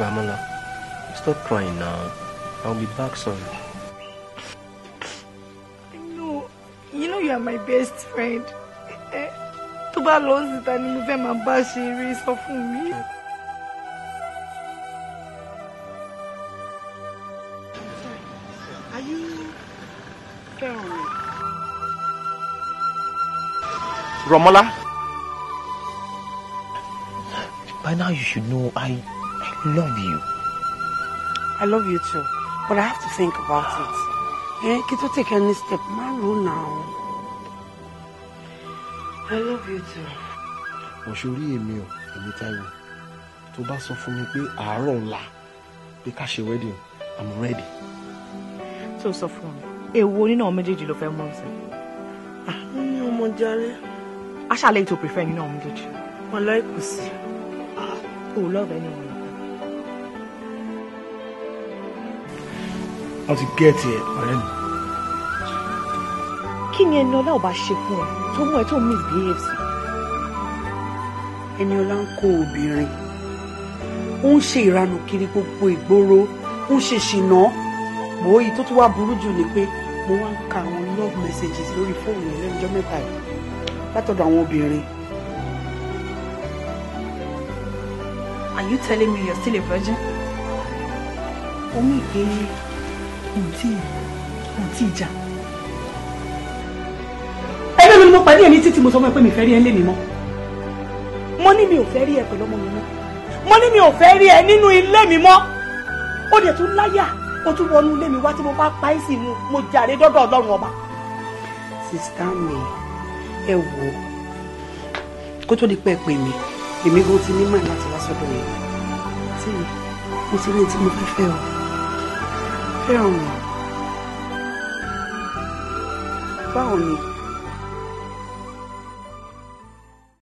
Ramola, stop crying now. I'll be back soon. No, you know you are my best friend. Eh, tó bá lọ síta ni mo fẹ́ máa bá ṣe eré Are you fẹ́ràn rẹ̀? By now you should know I, I love you. I love you too, but I have to think about it. Eh, kí tó take any step, My rule now. I love you too. Òṣèré èmi ò, èmi Táíwò, tó bá sọ fún mi pé àárọ̀ ńlá pé ká ṣe wedding, I'm ready. Tó sọ fún mi, èwo nínú àwọn méjèèjì ló fẹ́ mú ọ̀sẹ̀? Àwọn ah, ọmọ jàre. Aṣáálẹ̀ ètò prefer nínú àwọn méjèèjì. Wọ́n lọ ìkùsì love anyone. How to get here, Ọ̀rẹ́ mi. Kí ni Ẹniọlá ò bá ṣe fún ẹ tó mú ẹ tó misbehave sí? Ẹniọlá ń kó obìnrin. Ó ń ṣe ìranù kiri gbogbo ìgboro. Ó ń ṣe ṣìnà. Mo yìí tó tún wá burú jù ni pé mo wá ń ka àwọn love messages lórí fóònù lẹ́nu ọjọ́ mẹ́ta yìí látọ̀dọ̀ àwọn obìnrin. Are you telling me you're still a virgin? Omi ìgbé òǹtí òǹtí ìjà. Ẹgbẹ́ mi ni mo pàdé ẹ̀mí títí mo sọ fún ẹ pé mi fẹ́ rí ẹ lé mi mọ́. Mo ní mi ò fẹ́ rí ẹ pẹ̀lú ọmọ mi mọ́. Mo ní mi ò fẹ́ rí ẹ nínú ilé mi mọ́. Ó dẹ̀ tún láyà ó tún wọnú ilé mi wá tí mo bá pa ẹ́ sí inú mo jàre dọ́dọ̀ Ọlọ́run ọba. Sista mi, ẹ wo kó tó di pẹ́ pè mí èmi gan ti nímọ̀ láti wá sọ́dọ̀ yẹn tí mo ti ní tí mo fẹ́ fẹ́ ọ fẹ́ràn mi báwo ni.